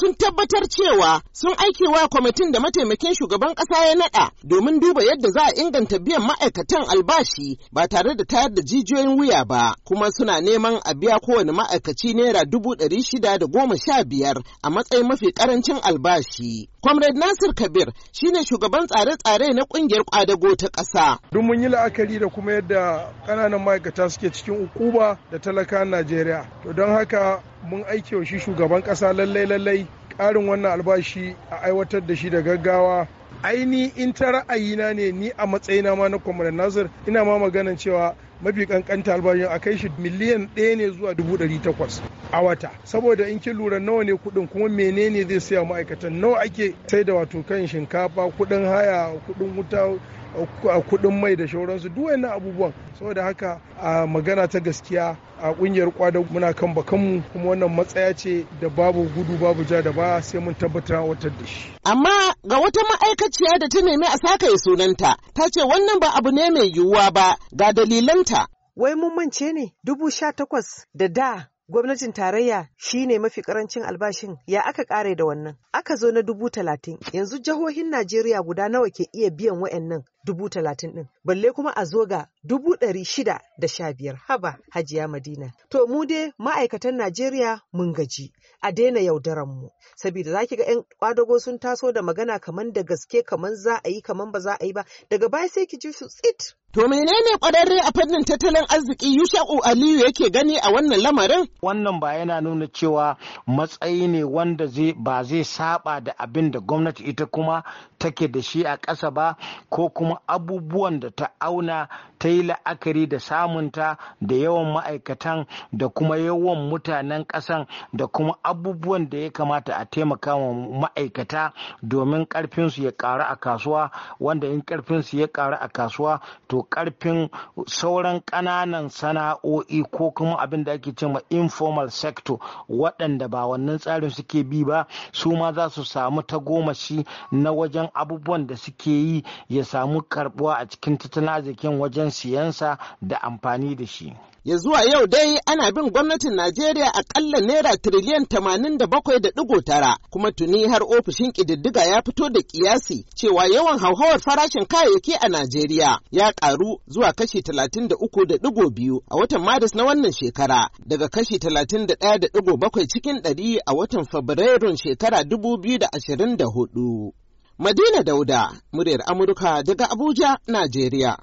sun tabbatar cewa sun aikewa kwamitin da mataimakin shugaban ƙasa ya naɗa domin duba yadda za a inganta biyan ma'aikatan albashi ba tare da tayar da jijiyoyin wuya ba kuma suna neman a biya kowane ma'aikaci naira dubu ɗari shida da goma sha biyar a matsayin mafi ƙarancin albashi. Comrade Nasir Kabir shine shugaban tsare-tsare na kungiyar kwadago ta ƙasa. Duk mun yi la'akari da kuma yadda ƙananan ma'aikata suke cikin ukuba da talakan Najeriya. To don haka mun aike shi shugaban ƙasa lallai lallai ƙarin wannan albashi a aiwatar da shi da gaggawa aini in ta ra'ayina ne ni a matsayina ma na Comrade Nasir ina ma maganan cewa mafi kankanta albashin a kai shi miliyan ɗaya ne zuwa dubu ɗari takwas a wata saboda in kin lura nawa ne kuɗin kuma menene zai saya ma'aikatan nawa ake sai da wato kan shinkafa kuɗin haya kuɗin wuta kuɗin mai da shauransu duk wannan abubuwan saboda haka magana ta gaskiya a kungiyar kwada muna kan bakanmu kuma wannan matsaya ce da babu gudu babu ja da ba sai mun tabbata watar da shi. Amma ga wata ma'aikaciya da ta nemi a saka sunanta ta ce wannan ba abu ne mai yiwuwa ba ga dalilanta. Wai mun mance ne dubu sha takwas da da gwamnatin tarayya shine mafi karancin albashin ya aka kare da wannan aka zo na dubu talatin yanzu jihohin najeriya guda nawa ke iya biyan wayannan dubu talatin din balle kuma a zo ga dubu ɗari shida da sha biyar haba hajiya madina to mu dai ma'aikatan najeriya mun gaji a daina yaudaran mu saboda zaki ga yan kwadago sun taso da magana kaman da gaske kaman za a yi kaman ba za a yi ba daga baya sai ki ji su tsit To menene kwararre a fannin tattalin arziki Yusha'u Aliyu yake gani a wannan lamarin? Wannan ba yana nuna cewa matsayi ne wanda ba zai saba da abin da gwamnati ita kuma take da shi a ƙasa ba ko kuma abubuwan da ta auna ta yi la'akari da samunta da yawan ma'aikatan da kuma yawan mutanen ƙasan da kuma abubuwan da ya kamata a taimaka wa ma'aikata domin ƙarfinsu ya ƙaru a kasuwa wanda in ƙarfinsu ya ƙaru a kasuwa to ƙarfin sauran ƙananan sana'o'i ko kuma abin da ake cewa informal sector waɗanda ba wannan tsarin suke bi ba su ma za su samu tagomashi na wajen abubuwan da suke yi ya samu karɓuwa a cikin tattalin arzikin wajen siyansa da amfani da shi. Ya zuwa yau dai ana bin gwamnatin Najeriya akalla naira tiriliyan tamanin da bakwai da digo tara kuma tuni har ofishin ƙididdiga ya fito da ƙiyasi cewa yawan hauhawar farashin kayayyaki a Najeriya ya ƙaru zuwa kashi talatin da uku da digo biyu a watan Maris na wannan shekara daga kashi talatin da ɗaya da digo bakwai cikin ɗari a watan Fabrairun shekara dubu biyu da ashirin da hudu. Madina Dauda, muryar Amurka daga Abuja, Najeriya.